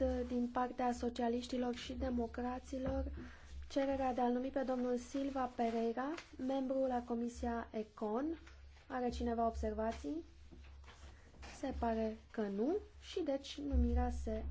Uh, din partea socialiștilor și democraților cererea de a-l numi pe domnul Silva Pereira, membru la Comisia Econ. Are cineva observații? Se pare că nu și deci numirea se